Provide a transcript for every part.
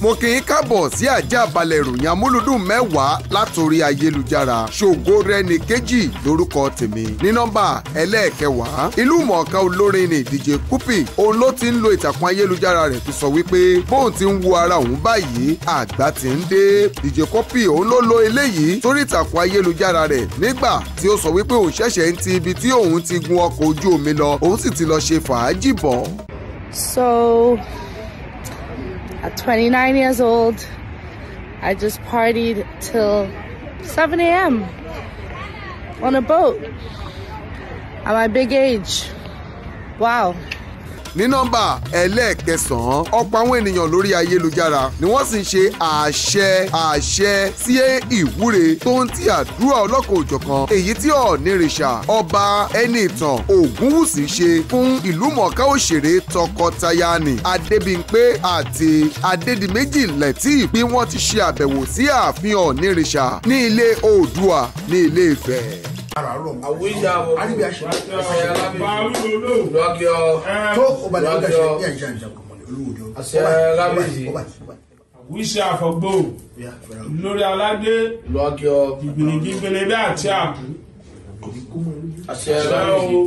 mo kì í kábọ̀ sí àjàbalẹ̀ ìròyìn amúlùdùn mẹ́wàá látòrí ayélujára ṣògo rẹni kejì lórúkọ tèmi ní nọ́mbà ẹlẹ́ẹ̀kẹwàá ìlú mọ̀ọ́ká olórin ni DJ Cuppy òun ló ti ń lo ìtàkùn ayélujára rẹ̀ fi sọ wípé bóun ti ń wo ara òun báyìí àgbà ti ń dé DJ Cuppy òun ló lo eléyìí sórí ìtàkùn ayélujára rẹ̀ nígbà tí ó sọ wípé òun ṣẹ̀ṣẹ̀ ń ti ibi tí òun ti gun ọkọ̀ ojú omi lọ òun sì ti lọ ṣe fàájì bọ̀. So At 29 years old, I just partied till 7 a.m. on a boat at my big age. Wow. ní nọ́mbà ẹlẹ́ẹ̀kẹsàn-án ọ̀pọ̀ àwọn ènìyàn lórí ayélujára ni wọ́n sì ń ṣe àṣẹ àṣẹ sí ìwúre tó ń ti àdúrà ọlọ́kan òjọ̀kan èyí tí ọ̀nìrìṣà ọba ẹnìtàn ògúnwùsì ṣe fún ìlúmọ̀ọ́ká òṣèré tọkọtaya ni adébímpé àti adédìméjì lẹ́tì bí wọ́n ti ṣe àbẹ̀wò sí ààfin ọ̀nìrìṣà ní ilé oòdùà ní ilé ìfẹ́ àràárọ̀ mọ́. àwíjà wo àríbi àṣẹ lọ́kìọ́ tó o bá lè gbàṣẹ ní àìjà ìjà kò mọ̀ ní olúwo àfọ̀gbò lórí aládé lọ́kìọ́ bí àti àbú. àṣẹ lábẹ́jì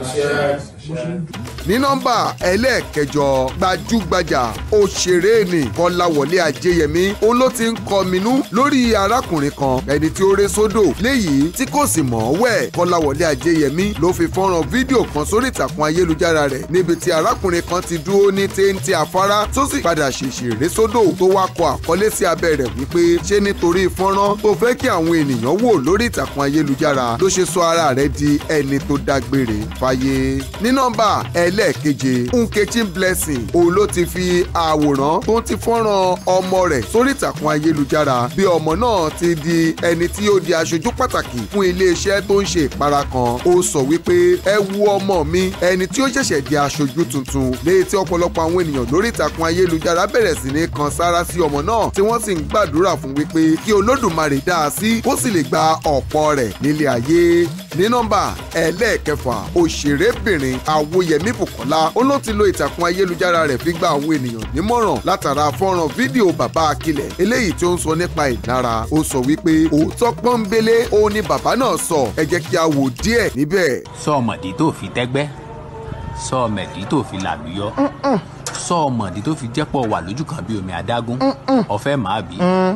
àṣẹ ní nọ́mbà ẹlẹ́ẹ̀kẹjọ gbajúgbajà òṣèré ni kọ́láwọlé ajéyẹmí òun ló ti ń kọminú lórí arákùnrin kan ẹni tí ó ré sódò léyìí tí kò sì mọ̀ ọ́ wẹ̀ kọ́láwọlé ajéyẹmí ló fi fọ́nrán fídíò kan sórí ìtàkùn ayélujára rẹ̀ níbi tí arákùnrin kan ti dúró ní téńté afárá tó sì padà ṣèṣì ré sódò tó wá kọ àkọlé sí abẹ́ rẹ̀ wípé ṣé nítorí fọ́nrán tó fẹ́ kí àwọn ènìyàn wò lórí ìtàkùn ayélujára ló ṣe sọ ara rẹ̀ di ẹni tó dágbére fáyé ní nọ́mbà ẹ ẹlẹ́ẹ̀keje Nkechi Blessing òun ló ti fi àwòrán tó ti fọ́nrán ọmọ rẹ̀ sórí ìtàkùn ayélujára bí ọmọ náà ti di ẹni tí ó di aṣojú pàtàkì fún iléeṣẹ́ tó ń ṣe ìpara kan ó sọ wípé ẹ wú ọmọ mi ẹni tí ó ṣẹ̀ṣẹ̀ di aṣojú tuntun léyìí tí ọ̀pọ̀lọpọ̀ àwọn ènìyàn lórí ìtàkùn ayélujára bẹ̀rẹ̀ sí ní kan sára sí ọmọ náà tí wọ́n sì ń gbàdúrà fún wípé kí Olódùmarè dá a sí kó sì lè gba ọ̀pọ̀ rẹ̀ nílé ayé ní nọ́mbà ẹlẹ́ẹ̀kẹfà òṣèrébìnrin àwòyẹmí bùkọ́lá ó ló ti lo ìtàkùn ayélujára rẹ̀ fi gba àwọn ènìyàn nímọ̀ràn látara fọ́nrán fídíò bàbá akilẹ̀ eléyìí tí ó ń sọ nípa ìlara ó sọ wípé òótọ́ pọ́nbélé ó ní bàbá náà sọ ẹ jẹ́ kí a wò díẹ̀ níbẹ̀. sọ ọmọdé tó fi tẹ́gbẹ́ sọ ọmọdé tó fi làlùyọ sọ tó fi jẹ́pọ̀ wà lójú kan bí omi adágún ọ̀fẹ́ màá bí mm.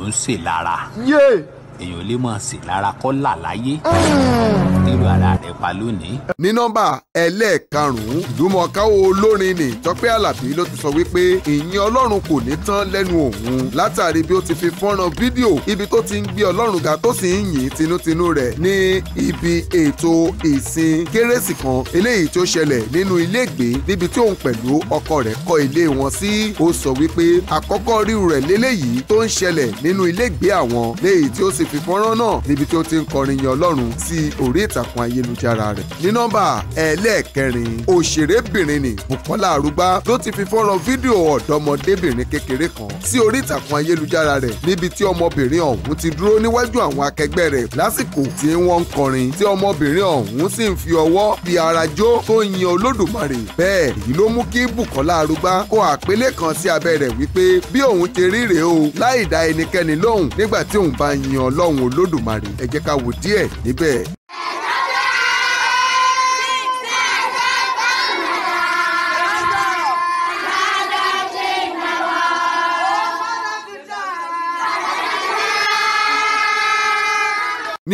ó ń ṣèlara. yéè èèyàn lè máa ṣe lára kọ́ là láyé. nílò hmm. ara rẹ̀ pa lónìí. ní nọ́mbà ẹlẹ́ẹ̀karùn-ún ìdúmọ̀káwọ́ olórin ni tọ́pẹ́ àlàbí ló ti sọ wípé ìyìn ọlọ́run kò ní tán lẹ́nu òun látàrí bí ó ti fi fọ́nrán fídíò ibi tó ti ń gbé ọlọ́run ga tó sì ń yìn tinútinú rẹ̀ ní ibi ètò ìsìn kérésì kan eléyìí tó ṣẹlẹ̀ nínú ilégbèé níbi tí òun pẹ̀lú ọkọ rẹ̀ kọ́ ilé wọn sí ó sọ wípé àkọ́kọ́ ríru rẹ̀ léléyìí tó ń ṣẹlẹ̀ nínú ilégbèé àwọn léyìí tí ó sì sì fi fọ́nrán náà níbi tí ó ti ń kọrin yin ọlọ́run sí orí ìtàkùn ayélujára rẹ̀. ní nọ́mbà ẹlẹ́ẹ̀kẹrin òṣèrébìnrin ni Bukola Arugba ló ti fi fọ́nrán fídíò ọ̀dọ́mọdébìnrin kékeré kan sí orí ìtàkùn ayélujára rẹ̀ níbi tí ọmọbìnrin ọ̀hún ti dúró níwájú àwọn akẹgbẹ́ rẹ̀ lásìkò tí wọ́n ń kọrin tí ọmọbìnrin ọ̀hún sì ń fi ọwọ́ bí ara jó tó ń yin olódùmarè bẹ́ẹ̀ èyí ló mú kí Bukola Arugba kó àpélé kan sí abẹ́ wípé bí òun ti rí rèé o láì dá ẹnikẹ́ni lóhùn nígbà tí òun bá yin ọl ọlọ́run olódùmarè ẹ jẹ́ ká wo díẹ̀ níbẹ̀.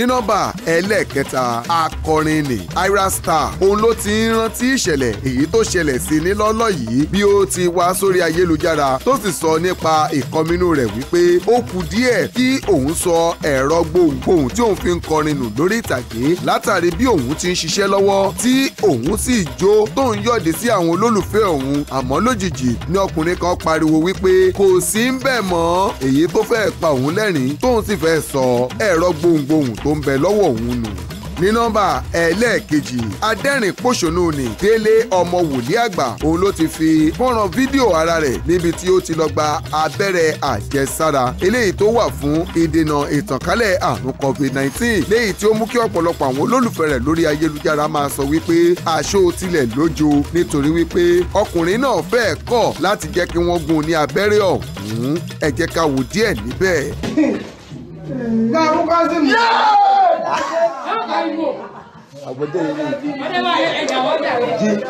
ní nọ́mbà ẹlẹ́ẹ̀kẹta akọrin ni ira star òun ló ti ń rántí ìṣẹ̀lẹ̀ èyí tó ṣẹlẹ̀ sí ní lọ́lọ́ yìí bí ó ti wá sórí ayélujára tó sì sọ nípa ìkọminú rẹ̀ wípé ó kù díẹ̀ kí òun sọ ẹ̀rọ gbohùngbohùn tí òun fi ń kọrin nù lórí ìtàgé látàrí bí òun ti ń ṣiṣẹ́ lọ́wọ́ tí òun sì jó tó ń yọ̀dí sí àwọn olólùfẹ́ òun àmọ́ lójijì ni ọkùnrin kan pariwo wípé kò sí ń bẹ̀ mọ́ èyí tó fẹ́ pa òun lẹ́rìn tóun sì fẹ́ sọ ẹ̀rọ gbohùngbohùn tó tó ń bẹ lọ́wọ́ òun nù ní nọ́mbà ẹlẹ́ẹ̀kejì adẹ́rìn pòṣónú ni délé ọmọ wòlíì àgbà òun ló ti fi fọ́nrán fídíò ara rẹ̀ níbi tí ó ti lọ gba abẹ́rẹ́ àjẹsára eléyìí tó wà fún ìdènà ìtànkálẹ̀ àrùn covid-19 léyìí tí ó mú kí ọ̀pọ̀lọpọ̀ àwọn olólùfẹ́ rẹ̀ lórí ayélujára máa sọ wípé aṣọ tilẹ̀ lójo nítorí wípé ọkùnrin náà fẹ́ẹ̀ kọ̀ láti jẹ́ kí wọ́n gún ní abẹ́rẹ́ ọ̀hún ẹ ká wò díẹ̀ níbẹ̀. ká mú kásìmù àgbẹ̀dẹ yìí. ọ̀dẹ́ bá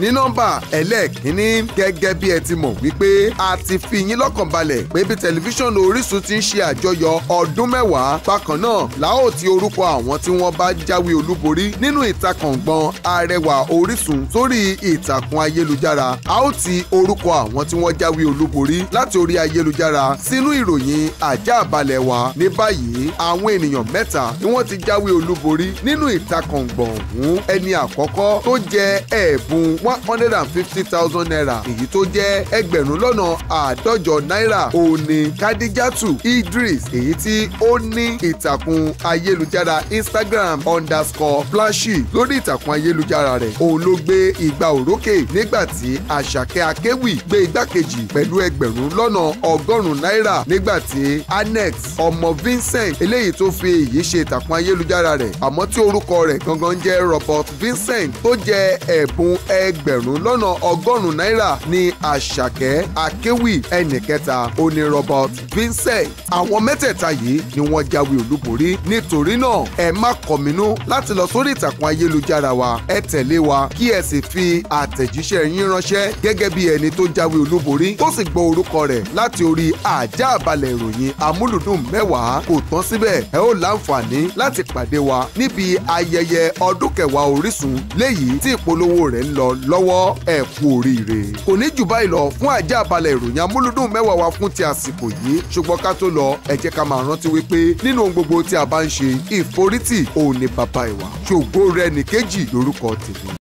ní nọ́mbà ẹlẹ́ẹ̀kínní gẹ́gẹ́ bí ẹ ti mọ̀ wípé a ti fi yín lọ́kàn balẹ̀ pé bí tẹlifíṣàn Orísun ti ń ṣe àjọyọ̀ ọdún mẹ́wàá bákan náà la ó ti orúkọ àwọn tí wọ́n bá jáwé olúborí nínú ìtakàngbọ̀n arẹwà Orísun sórí ìtàkùn ayélujára a ó ti orúkọ àwọn tí wọ́n jáwé olúborí láti orí ayélujára sínú ìròyìn àjàbalẹ̀ wa ní báyìí àwọn ènìyàn mẹ́ta ni wọ́n ti jáwé olúborí nínú ìtakàngbọ̀n ọ̀hún ẹni àkọ́kọ́ tó jẹ ẹ̀bùn one hundred and fifty thousand naira èyí tó jẹ́ ẹgbẹ̀rún lọ́nà àádọ́jọ náírà òní kadijatu idris èyí tí ó ní ìtàkùn ayélujára instagram underscore flashy lórí ìtàkùn ayélujára rẹ̀ òun ló gbé igba òrókè nígbà tí àṣàkẹ́ akéwì gbé igbákejì pẹ̀lú ẹgbẹ̀rún lọ́nà ọgọ́rùn-ún náírà nígbà tí annex ọmọ vincent eléyìí tó fi èyí ṣe ìtàkùn ayélujára rẹ̀ àmọ́ tí orúkọ rẹ̀ gangan jẹ́ robert vincent tó jẹ ẹ̀bùn ẹgbẹ̀rún ẹgbẹ̀rún lọ́nà ọgọ́rùn-ún náírà ní àṣàkẹ́ akéwì ẹnìkẹta oní robert vincent àwọn mẹ́tẹ̀ẹ̀ta yìí ni wọ́n jáwé olúborí nítorí náà ẹ má kọ̀mínú láti lọ sórí ìtàkùn ayélujára wa ẹ tẹ̀lé wa kí ẹ sì fi àtẹ̀jíṣẹ́ yín ránṣẹ́ gẹ́gẹ́ bí ẹni tó jáwé olúborí tó sì gbọ́ orúkọ rẹ̀ láti orí àjà àbálẹ̀ ìròyìn amúlùdùn mẹ́wàá kò tán síbẹ̀ ẹ ó láǹfààní láti pàdé wa níbi ayẹyẹ ọdún kẹwàá Orísun léyìí tí ìpolówó rẹ̀ ń lọ lọ́wọ́ ẹ kú oríire. kò ní jù báyìí lọ fún ajá balẹ̀ ìròyìn amúlùdùn mẹ́wàá wa fún ti àsìkò yìí ṣùgbọ́n ká tó lọ ẹ jẹ́ ká máa rántí wípé nínú ohun gbogbo tí a bá ń ṣe ìforítì òun ni bàbá ìwà ṣògo rẹ̀ nìkejì lórúkọ tèmi.